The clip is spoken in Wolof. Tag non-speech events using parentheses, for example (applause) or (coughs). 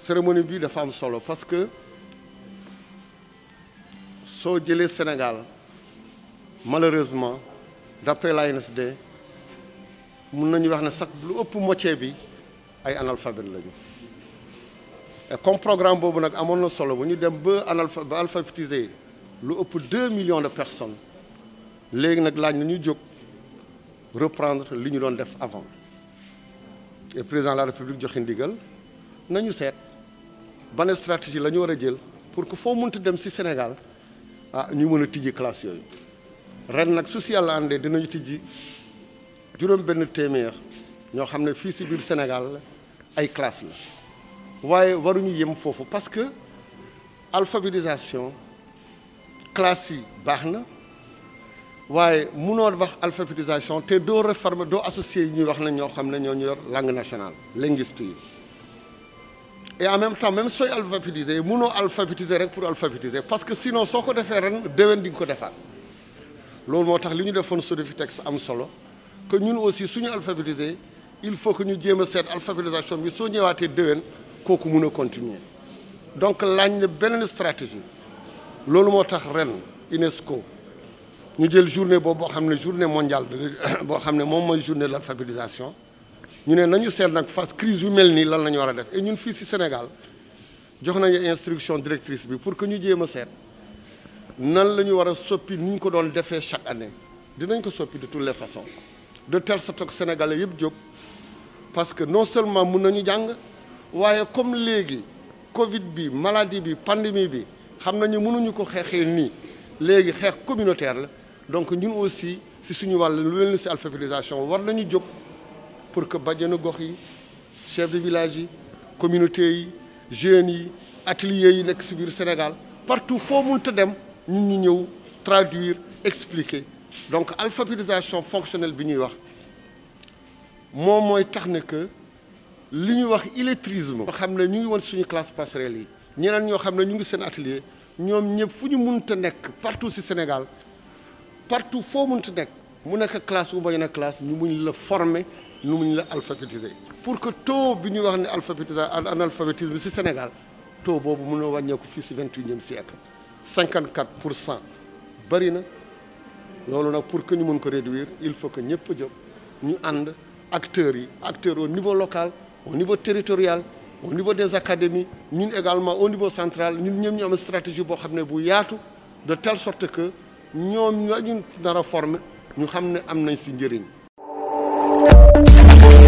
cérémonie bi dafa am solo parce que soo jëlee Sénégal malheureusement d'après l'ANSD mun nañu wax ne sax lu ëpp moitié bi ay analphabète lañu et comme programme boobu nag amoon na solo bu ñu dem ba analpha ba alphabétiser lu ëpp deux millions de personnes léegi nag laaj reprendre li ñu doon def avant et président de la république joxe ndigal nañu ban stratégie la ñu war jël pour que fo muñu dem ci Sénégal ah ñu mëna a classe yoyu ren nak su si yàlla àndee dinañu tijji juróom benn téeméer ñoo ci biir Sénégal ay classe la waaye waruñu yëm fofu parce que alphabétisation classe baxna baax mëno waaye wax alphabétisation té do réforme do associé ñi wax na ño xamné ño ñu yor langue nationale linguistique et en même temps même soy alphabétisé, mënoo alphabétiser rek pour alphabétiser parce que sinon soko ko a ren déwén di ko defaat loolu motax liñu defone ñu texte am solo que ñun aussi suñu alphabétiser il faut que ñu jéem a alphabétisation bi so ñëwaatee déwén kooku mun a continuer donc laaj na stratégie loolu motax ren UNESCO ñu jël journée bo boo journée mondiale (coughs) bo xamné mom moy journée de l'alphabétisation nous avons nañu seet face crise humaine mel nous lan la ñu def et ñun fii ci Sénégal jox une instruction directrice pour que nous jéem a nous nan la nous war a ñu ko doon chaque année dinañ ko soppi de toutes les façons de telle sorte que sénégalais yëpp jóg parce que non seulement mun nañu jàng waaye comme les Covid bi maladie bi pandémie bi nous nañu mënuñu ko xeexee communautaire donc nous aussi si nous wàll lu leen ci alphabétisation war pour que bajenu chefs chef de village communauté les jeunes les ateliers du Sénégal partout où ils dem ñun traduire expliquer donc alphabétisation fonctionnelle bi ñuy moi moom mooy tax ne que li ñuy wax illettrisme. ñoo xam ne ñu classe passerelle Nous avons ñoo xam nous ñu atelier Nous ñëpp fu partout si Sénégal partout foo mënta nekk mu une classe ou une classe ñu muñ le former. Nous sommes pour que tout le monde wax alphabétisation Sénégal tout le monde en siècle 54%. de pour pour que nous puissions réduire il faut que nous puissions acteurs acteurs au niveau local au niveau territorial au niveau des académies ñun également au niveau central Nous avons une stratégie pour de telle sorte que nous avons ñu nar nous former ñu Thank you.